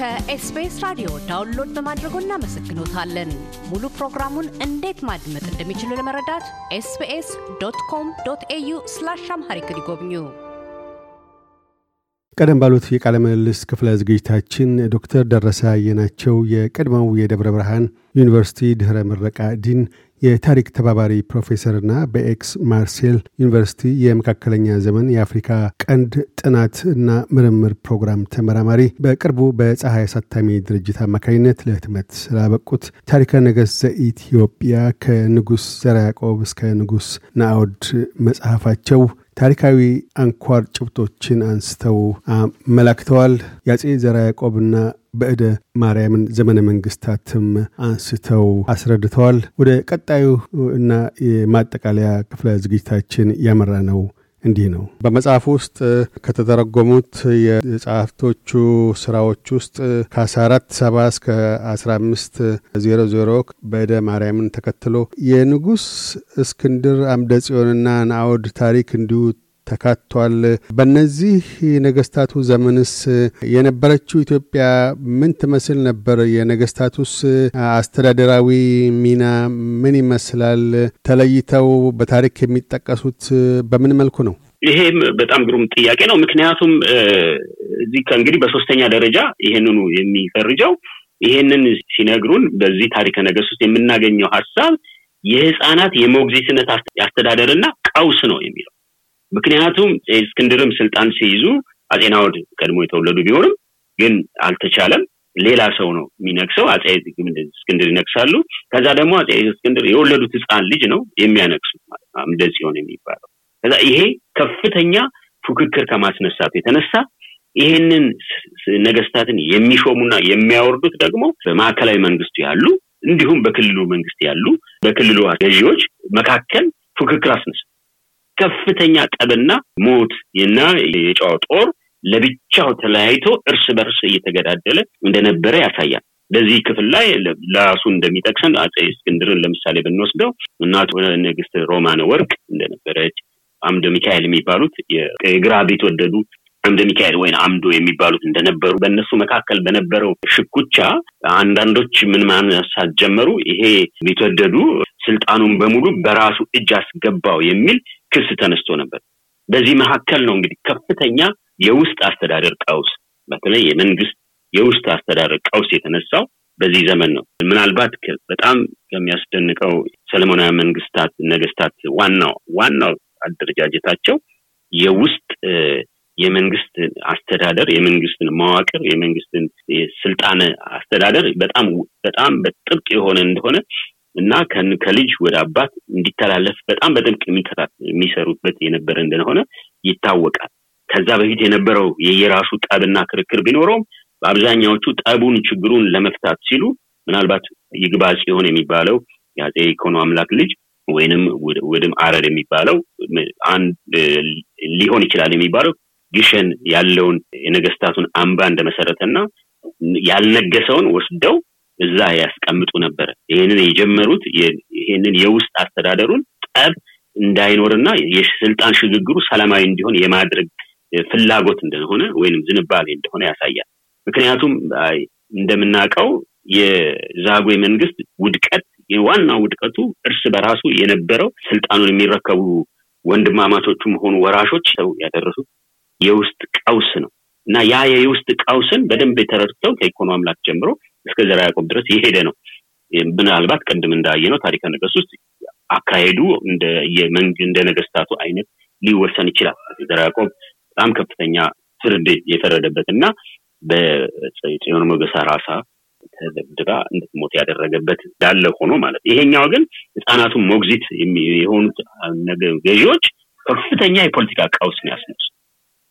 ከኤስቢኤስ ራዲዮ ዳውንሎድ በማድረጎ እናመሰግኖታለን። ሙሉ ፕሮግራሙን እንዴት ማድመጥ እንደሚችሉ ለመረዳት ኤስቢኤስ ዶት ኮም ዶት ኤዩ ስላሽ አምሃሪክ ይጎብኙ። ቀደም ባሉት የቃለ ምልልስ ክፍለ ዝግጅታችን ዶክተር ደረሰ አየናቸው የቀድሞው የደብረ ብርሃን ዩኒቨርሲቲ ድኅረ ምረቃ ዲን የታሪክ ተባባሪ ፕሮፌሰርና በኤክስ ማርሴል ዩኒቨርሲቲ የመካከለኛ ዘመን የአፍሪካ ቀንድ ጥናት እና ምርምር ፕሮግራም ተመራማሪ በቅርቡ በፀሐይ አሳታሚ ድርጅት አማካኝነት ለህትመት ስላበቁት ታሪከ ነገሥት ዘኢትዮጵያ ከንጉሥ ዘርዓ ያዕቆብ እስከ ንጉሥ ናአውድ መጽሐፋቸው ታሪካዊ አንኳር ጭብጦችን አንስተው አመላክተዋል። የአጼ ዘራ ያዕቆብና በእደ ማርያምን ዘመነ መንግስታትም አንስተው አስረድተዋል። ወደ ቀጣዩ እና የማጠቃለያ ክፍለ ዝግጅታችን ያመራ ነው እንዲህ ነው። በመጽሐፍ ውስጥ ከተተረጎሙት የጸሐፍቶቹ ስራዎች ውስጥ ከአስራ አራት ሰባ እስከ አስራ አምስት ዜሮ ዜሮ በደ ማርያምን ተከትሎ የንጉሥ እስክንድር አምደ ጽዮንና ናአውድ ታሪክ እንዲሁ ተካቷል። በእነዚህ ነገስታቱ ዘመንስ የነበረችው ኢትዮጵያ ምን ትመስል ነበር? የነገስታቱስ አስተዳደራዊ ሚና ምን ይመስላል? ተለይተው በታሪክ የሚጠቀሱት በምን መልኩ ነው? ይሄም በጣም ግሩም ጥያቄ ነው። ምክንያቱም እዚህ ከእንግዲህ በሶስተኛ ደረጃ ይሄንኑ የሚፈርጀው ይሄንን ሲነግሩን በዚህ ታሪከ ነገስት ውስጥ የምናገኘው ሀሳብ የህፃናት የሞግዚትነት አስተዳደርና ቀውስ ነው የሚለው ምክንያቱም እስክንድርም ስልጣን ሲይዙ አጼናወድ ቀድሞ የተወለዱ ቢሆንም ግን አልተቻለም። ሌላ ሰው ነው የሚነግሰው። አጼ እስክንድር ይነግሳሉ። ከዛ ደግሞ አጼ እስክንድር የወለዱት ህፃን ልጅ ነው የሚያነግሱት ማለት ነው የሚባለው። ከዛ ይሄ ከፍተኛ ፉክክር ከማስነሳቱ የተነሳ ይሄንን ነገስታትን የሚሾሙና የሚያወርዱት ደግሞ በማዕከላዊ መንግስቱ ያሉ እንዲሁም በክልሉ መንግስት ያሉ በክልሉ ገዢዎች መካከል ፉክክር አስነሳ ከፍተኛ ጠብና ሞት እና የጨዋ ጦር ለብቻው ተለያይቶ እርስ በርስ እየተገዳደለ እንደነበረ ያሳያል። በዚህ ክፍል ላይ ለራሱ እንደሚጠቅሰን አጼ እስክንድርን ለምሳሌ ብንወስደው እናቱ ንግስት ሮማነ ወርቅ እንደነበረች አምደ ሚካኤል የሚባሉት የግራ ቤት ወደዱ አምደ ሚካኤል ወይም አምዶ የሚባሉት እንደነበሩ በእነሱ መካከል በነበረው ሽኩቻ አንዳንዶች ምን ማንሳት ጀመሩ። ይሄ ወደዱ ስልጣኑን በሙሉ በራሱ እጅ አስገባው የሚል ክስ ተነስቶ ነበር። በዚህ መካከል ነው እንግዲህ ከፍተኛ የውስጥ አስተዳደር ቀውስ በተለይ የመንግስት የውስጥ አስተዳደር ቀውስ የተነሳው በዚህ ዘመን ነው። ምናልባት በጣም ከሚያስደንቀው ሰለሞናዊ መንግስታት ነገስታት ዋናው ዋናው አደረጃጀታቸው የውስጥ የመንግስት አስተዳደር የመንግስትን መዋቅር የመንግስትን ስልጣን አስተዳደር በጣም በጣም በጥብቅ የሆነ እንደሆነ እና ከልጅ ወደ አባት እንዲተላለፍ በጣም በጥብቅ የሚሰሩበት የነበረ እንደሆነ ይታወቃል። ከዛ በፊት የነበረው የየራሱ ጠብና ክርክር ቢኖረውም በአብዛኛዎቹ ጠቡን ችግሩን ለመፍታት ሲሉ ምናልባት ይግባ ጽዮን የሚባለው የአጼ ኢኮኖ አምላክ ልጅ ወይንም ውድም አረር የሚባለው አንድ ሊሆን ይችላል የሚባለው ግሸን ያለውን የነገስታቱን አምባ እንደመሰረተና ያልነገሰውን ወስደው እዛ ያስቀምጡ ነበር። ይህንን የጀመሩት ይህንን የውስጥ አስተዳደሩን ጠብ እንዳይኖርና የስልጣን ሽግግሩ ሰላማዊ እንዲሆን የማድረግ ፍላጎት እንደሆነ ወይም ዝንባሌ እንደሆነ ያሳያል። ምክንያቱም እንደምናውቀው የዛጉዌ መንግስት ውድቀት ዋና ውድቀቱ እርስ በራሱ የነበረው ስልጣኑን የሚረከቡ ወንድማማቾቹ መሆኑ ወራሾች ሰው ያደረሱት የውስጥ ቀውስ ነው እና ያ የውስጥ ቀውስን በደንብ የተረድተው ከኢኮኖሚ አምላክ ጀምሮ እስከ ዘርዓ ያዕቆብ ድረስ የሄደ ነው። ምናልባት እንዳየ ነው ታሪከ ነገስት ውስጥ አካሄዱ እንደ ነገስታቱ አይነት ሊወሰን ይችላል። ዘርዓ ያዕቆብ በጣም ከፍተኛ ፍርድ የፈረደበት እና በጽዮን መገሳ ራሳ ተደብድባ እንድትሞት ያደረገበት እንዳለ ሆኖ ማለት ይሄኛው ግን ህፃናቱን ሞግዚት የሆኑት ገዢዎች ከፍተኛ የፖለቲካ ቀውስ ነው ያስነሱ።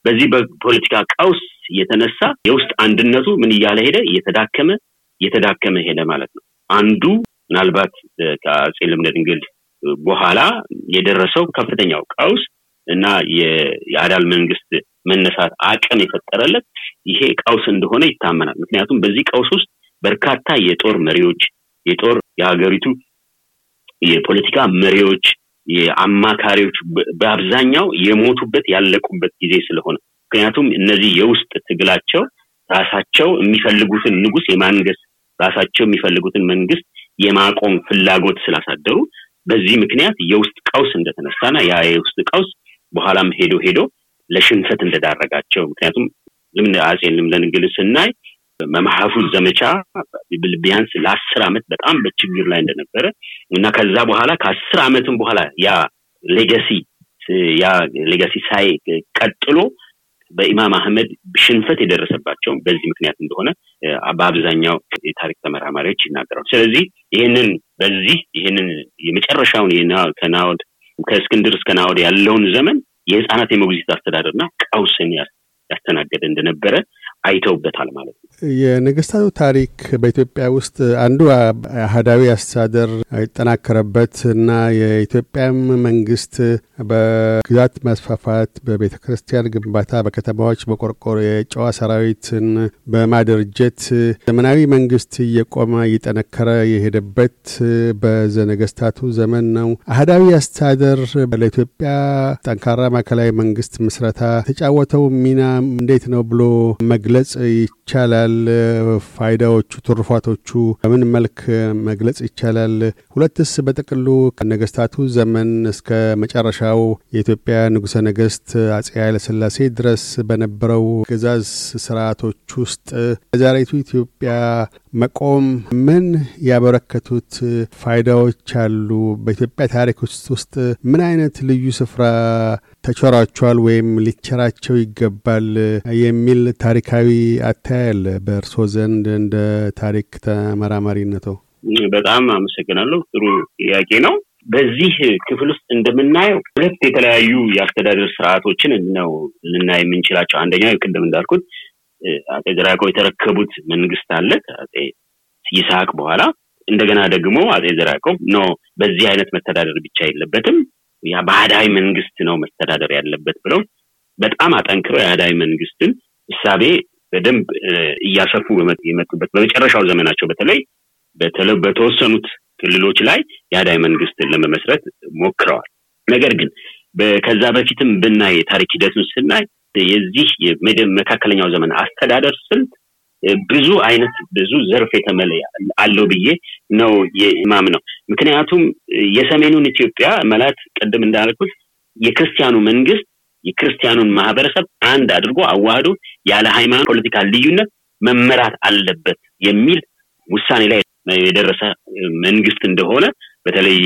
በዚህ በፖለቲካ ቀውስ የተነሳ የውስጥ አንድነቱ ምን እያለ ሄደ? እየተዳከመ እየተዳከመ ሄደ ማለት ነው። አንዱ ምናልባት ከአጼ ልብነ ድንግል በኋላ የደረሰው ከፍተኛው ቀውስ እና የአዳል መንግስት መነሳት አቅም የፈጠረለት ይሄ ቀውስ እንደሆነ ይታመናል። ምክንያቱም በዚህ ቀውስ ውስጥ በርካታ የጦር መሪዎች፣ የጦር የሀገሪቱ የፖለቲካ መሪዎች፣ የአማካሪዎች በአብዛኛው የሞቱበት ያለቁበት ጊዜ ስለሆነ ምክንያቱም እነዚህ የውስጥ ትግላቸው ራሳቸው የሚፈልጉትን ንጉስ የማንገስ ራሳቸው የሚፈልጉትን መንግስት የማቆም ፍላጎት ስላሳደሩ በዚህ ምክንያት የውስጥ ቀውስ እንደተነሳና ያ የውስጥ ቀውስ በኋላም ሄዶ ሄዶ ለሽንፈት እንደዳረጋቸው ምክንያቱም ልምን አጼን ልምነ ንግል ስናይ መማሐፉዝ ዘመቻ ቢያንስ ለአስር ዓመት በጣም በችግር ላይ እንደነበረ እና ከዛ በኋላ ከአስር ዓመትም በኋላ ያ ሌገሲ ያ ሌጋሲ ሳይ ቀጥሎ በኢማም አህመድ ሽንፈት የደረሰባቸው በዚህ ምክንያት እንደሆነ በአብዛኛው የታሪክ ተመራማሪዎች ይናገራሉ። ስለዚህ ይህንን በዚህ ይህንን የመጨረሻውን ከናወድ ከእስክንድር እስከ ናወድ ያለውን ዘመን የህፃናት የመጉዚት አስተዳደርና ቀውስን ያስተናገደ እንደነበረ አይተውበታል ማለት ነው። የነገስታቱ ታሪክ በኢትዮጵያ ውስጥ አንዱ አህዳዊ አስተዳደር የጠናከረበት እና የኢትዮጵያም መንግስት በግዛት መስፋፋት፣ በቤተ ክርስቲያን ግንባታ፣ በከተማዎች በቆርቆሮ የጨዋ ሰራዊትን በማደርጀት ዘመናዊ መንግስት እየቆመ እየጠነከረ የሄደበት በዘነገስታቱ ዘመን ነው። አህዳዊ አስተዳደር ለኢትዮጵያ ጠንካራ ማዕከላዊ መንግስት ምስረታ ተጫወተው ሚና እንዴት ነው ብሎ መግለ መግለጽ ይቻላል? ፋይዳዎቹ፣ ትሩፋቶቹ በምን መልክ መግለጽ ይቻላል? ሁለትስ በጥቅሉ ከነገስታቱ ዘመን እስከ መጨረሻው የኢትዮጵያ ንጉሠ ነገሥት አጼ ኃይለሥላሴ ድረስ በነበረው ግዛዝ ስርዓቶች ውስጥ ለዛሬቱ ኢትዮጵያ መቆም ምን ያበረከቱት ፋይዳዎች አሉ? በኢትዮጵያ ታሪክ ውስጥ ውስጥ ምን አይነት ልዩ ስፍራ ተቸራቸዋል ወይም ሊቸራቸው ይገባል የሚል ታሪካዊ አታያል በእርሶ ዘንድ እንደ ታሪክ ተመራማሪነቶ? በጣም አመሰግናለሁ። ጥሩ ጥያቄ ነው። በዚህ ክፍል ውስጥ እንደምናየው ሁለት የተለያዩ የአስተዳደር ስርዓቶችን ነው ልናይ የምንችላቸው። አንደኛው ቅድም እንዳልኩት አጼ ዘራቆ የተረከቡት መንግስት አለ አጼ ይስሐቅ በኋላ እንደገና ደግሞ አጼ ዘራቆ ኖ በዚህ አይነት መተዳደር ብቻ የለበትም ያ በአዳይ መንግስት ነው መስተዳደር ያለበት ብለው በጣም አጠንክረው የአዳይ መንግስትን እሳቤ በደንብ እያሰፉ የመጡበት በመጨረሻው ዘመናቸው በተለይ በተወሰኑት ክልሎች ላይ የአዳዊ መንግስትን ለመመስረት ሞክረዋል። ነገር ግን ከዛ በፊትም ብናይ ታሪክ ሂደቱን ስናይ የዚህ መካከለኛው ዘመን አስተዳደር ስልት ብዙ አይነት ብዙ ዘርፍ የተመለየ አለው ብዬ ነው የማም ነው። ምክንያቱም የሰሜኑን ኢትዮጵያ መላት ቅድም እንዳልኩት የክርስቲያኑ መንግስት የክርስቲያኑን ማህበረሰብ አንድ አድርጎ አዋህዶ ያለ ሃይማኖት ፖለቲካ ልዩነት መመራት አለበት የሚል ውሳኔ ላይ የደረሰ መንግስት እንደሆነ በተለይ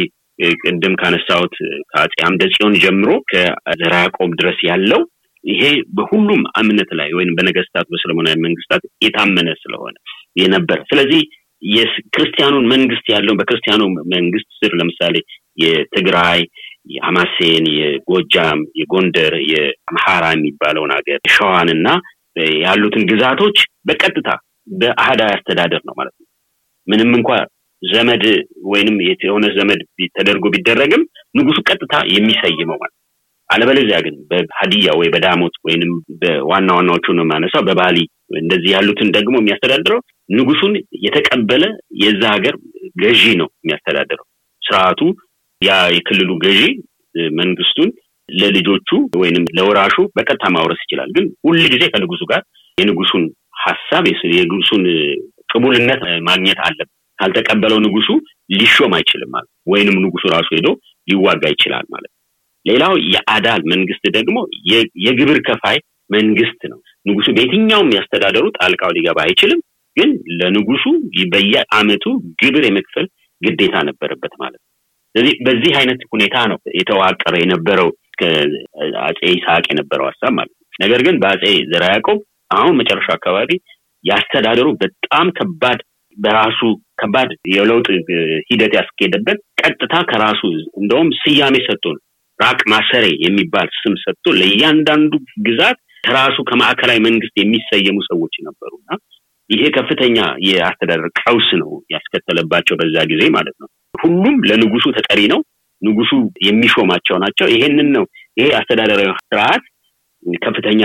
ቅድም ካነሳሁት ከአጼ አምደጽዮን ጀምሮ ከዘርዓ ድረስ ያለው ይሄ በሁሉም እምነት ላይ ወይም በነገስታት በሰለሞናዊ መንግስታት የታመነ ስለሆነ የነበረ ስለዚህ የክርስቲያኑን መንግስት ያለውን በክርስቲያኑ መንግስት ስር ለምሳሌ የትግራይ የሐማሴን የጎጃም የጎንደር የአምሃራ የሚባለውን ሀገር ሸዋን እና ያሉትን ግዛቶች በቀጥታ በአህዳዊ አስተዳደር ነው ማለት ነው ምንም እንኳ ዘመድ ወይንም የሆነ ዘመድ ተደርጎ ቢደረግም ንጉሱ ቀጥታ የሚሰይመው ማለት አለበለዚያ ግን በሀዲያ ወይ በዳሞት ወይንም በዋና ዋናዎቹ ነው የማነሳው በባህሊ እንደዚህ ያሉትን ደግሞ የሚያስተዳድረው ንጉሱን የተቀበለ የዛ ሀገር ገዢ ነው የሚያስተዳድረው ስርአቱ ያ የክልሉ ገዢ መንግስቱን ለልጆቹ ወይንም ለወራሹ በቀጥታ ማውረስ ይችላል ግን ሁል ጊዜ ከንጉሱ ጋር የንጉሱን ሀሳብ የንጉሱን ቅቡልነት ማግኘት አለብ ካልተቀበለው ንጉሱ ሊሾም አይችልም ማለት ወይንም ንጉሱ ራሱ ሄዶ ሊዋጋ ይችላል ማለት ሌላው የአዳል መንግስት ደግሞ የግብር ከፋይ መንግስት ነው። ንጉሱ በየትኛውም ያስተዳደሩ ጣልቃው ሊገባ አይችልም። ግን ለንጉሱ በየአመቱ ግብር የመክፈል ግዴታ ነበረበት ማለት ነው። ስለዚህ በዚህ አይነት ሁኔታ ነው የተዋቀረ የነበረው አጼ ይስሐቅ የነበረው ሀሳብ ማለት ነው። ነገር ግን በአጼ ዘራ ያቆብ አሁን መጨረሻ አካባቢ ያስተዳደሩ በጣም ከባድ በራሱ ከባድ የለውጥ ሂደት ያስኬደበት ቀጥታ ከራሱ እንደውም ስያሜ ሰጥቶ ነው ራቅ ማሰሬ የሚባል ስም ሰጥቶ ለእያንዳንዱ ግዛት ከራሱ ከማዕከላዊ መንግስት የሚሰየሙ ሰዎች እና ይሄ ከፍተኛ የአስተዳደር ቀውስ ነው ያስከተለባቸው በዛ ጊዜ ማለት ነው። ሁሉም ለንጉሱ ተጠሪ ነው። ንጉሱ የሚሾማቸው ናቸው። ይሄንን ነው ይሄ አስተዳደራዊ ስርዓት ከፍተኛ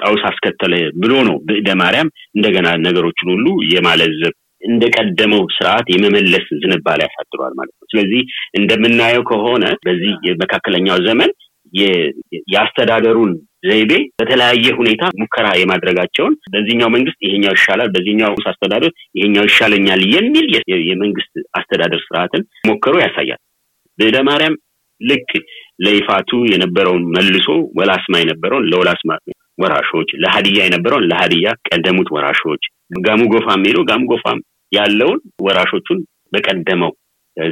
ቀውስ አስከተለ ብሎ ነው ብእደ ማርያም እንደገና ነገሮችን ሁሉ የማለዘብ እንደቀደመው ስርዓት የመመለስ ዝንባሌ ያሳድሯል ማለት ነው። ስለዚህ እንደምናየው ከሆነ በዚህ የመካከለኛው ዘመን የአስተዳደሩን ዘይቤ በተለያየ ሁኔታ ሙከራ የማድረጋቸውን በዚህኛው መንግስት ይሄኛው ይሻላል፣ በዚህኛው አስተዳደር ይሄኛው ይሻለኛል የሚል የመንግስት አስተዳደር ስርዓትን ሞከሩ ያሳያል። በዕደ ማርያም ልክ ለይፋቱ የነበረውን መልሶ ወላስማ የነበረውን ለወላስማ ወራሾች፣ ለሀዲያ የነበረውን ለሀዲያ ቀደሙት ወራሾች፣ ጋሙ ሄዶ ጋሙ ጎፋም ያለውን ወራሾቹን በቀደመው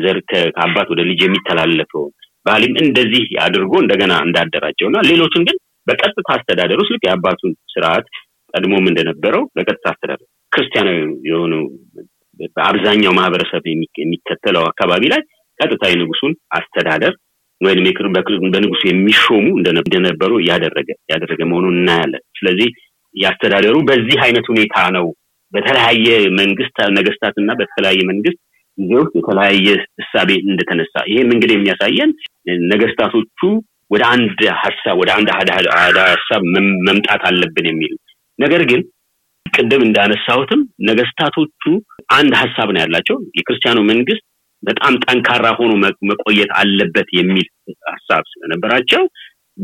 ዘር ከአባት ወደ ልጅ የሚተላለፈውን ባህልም እንደዚህ አድርጎ እንደገና እንዳደራጀው እና ሌሎቹን ግን በቀጥታ አስተዳደር ውስጥ ልክ የአባቱን ስርዓት ቀድሞም እንደነበረው በቀጥታ አስተዳደር ክርስቲያናዊ የሆኑ በአብዛኛው ማህበረሰብ የሚከተለው አካባቢ ላይ ቀጥታ የንጉሱን አስተዳደር ወይም በንጉሱ የሚሾሙ እንደነበሩ ያደረገ ያደረገ መሆኑን እናያለን። ስለዚህ የአስተዳደሩ በዚህ አይነት ሁኔታ ነው በተለያየ መንግስት ነገስታት እና በተለያየ መንግስት ጊዜ ውስጥ የተለያየ እሳቤ እንደተነሳ ይህም እንግዲህ የሚያሳየን ነገስታቶቹ ወደ አንድ ሀሳብ ወደ አንድ አህዳ ሀሳብ መምጣት አለብን የሚል ነገር ግን ቅድም እንዳነሳሁትም ነገስታቶቹ አንድ ሀሳብ ነው ያላቸው የክርስቲያኑ መንግስት በጣም ጠንካራ ሆኖ መቆየት አለበት የሚል ሀሳብ ስለነበራቸው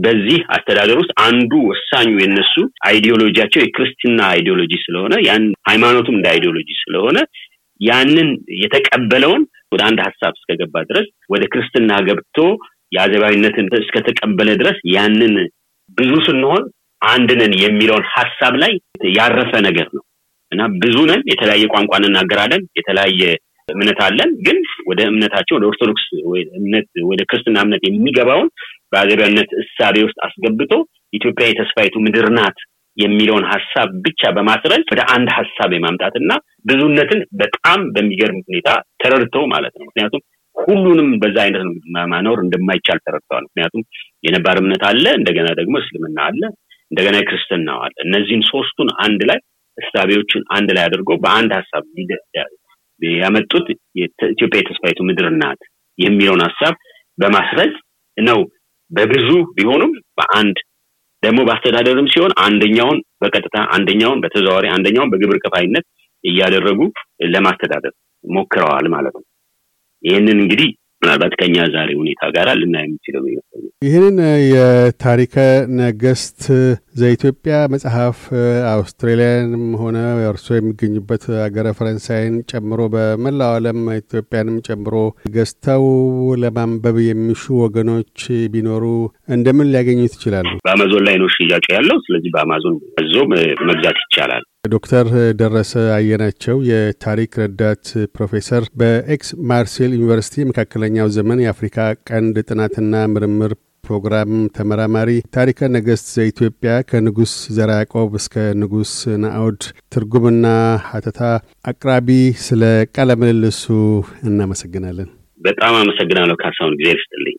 በዚህ አስተዳደር ውስጥ አንዱ ወሳኙ የነሱ አይዲዮሎጂያቸው የክርስትና አይዲዮሎጂ ስለሆነ ያን ሃይማኖቱም እንደ አይዲዮሎጂ ስለሆነ ያንን የተቀበለውን ወደ አንድ ሀሳብ እስከገባ ድረስ ወደ ክርስትና ገብቶ የአዘባዊነትን እስከተቀበለ ድረስ ያንን ብዙ ስንሆን አንድነን የሚለውን ሀሳብ ላይ ያረፈ ነገር ነው እና ብዙ ነን፣ የተለያየ ቋንቋ እንናገራለን፣ የተለያየ እምነት አለን። ግን ወደ እምነታቸው ወደ ኦርቶዶክስ እምነት ወደ ክርስትና እምነት የሚገባውን በአገቢያነት እሳቤ ውስጥ አስገብቶ ኢትዮጵያ የተስፋይቱ ምድር ናት የሚለውን ሀሳብ ብቻ በማስረጅ ወደ አንድ ሀሳብ የማምጣትና ብዙነትን በጣም በሚገርም ሁኔታ ተረድተው ማለት ነው። ምክንያቱም ሁሉንም በዛ አይነት ማኖር እንደማይቻል ተረድተዋል። ምክንያቱም የነባር እምነት አለ፣ እንደገና ደግሞ እስልምና አለ፣ እንደገና የክርስትናው አለ። እነዚህን ሶስቱን አንድ ላይ እሳቤዎቹን አንድ ላይ አድርጎ በአንድ ሀሳብ ያመጡት ኢትዮጵያ የተስፋይቱ ምድር ናት የሚለውን ሀሳብ በማስረጅ ነው በብዙ ቢሆኑም በአንድ ደግሞ በአስተዳደርም ሲሆን አንደኛውን በቀጥታ አንደኛውን በተዘዋዋሪ አንደኛውን በግብር ከፋይነት እያደረጉ ለማስተዳደር ሞክረዋል ማለት ነው። ይህንን እንግዲህ ምናልባት ከኛ ዛሬ ሁኔታ ጋር ልና የሚችለው ይመስለኛል። ይህንን የታሪከ ነገስት ዘኢትዮጵያ መጽሐፍ አውስትራሊያንም ሆነ እርሶ የሚገኙበት ሀገረ ፈረንሳይን ጨምሮ በመላው ዓለም ኢትዮጵያንም ጨምሮ ገዝተው ለማንበብ የሚሹ ወገኖች ቢኖሩ እንደምን ሊያገኙት ይችላሉ? በአማዞን ላይ ነው ሽያጩ ያለው። ስለዚህ በአማዞን ዞ መግዛት ይቻላል። ዶክተር ደረሰ አየናቸው የታሪክ ረዳት ፕሮፌሰር በኤክስ ማርሴል ዩኒቨርሲቲ መካከለኛው ዘመን የአፍሪካ ቀንድ ጥናትና ምርምር ፕሮግራም ተመራማሪ፣ ታሪከ ነገሥት ዘኢትዮጵያ ከንጉሥ ዘራያቆብ እስከ ንጉሥ ናአውድ ትርጉምና ሀተታ አቅራቢ፣ ስለ ቃለ ምልልሱ እናመሰግናለን። በጣም አመሰግናለሁ ካሳሁን፣ ጊዜ ይስጥልኝ።